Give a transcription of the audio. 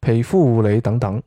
皮膚護理等等。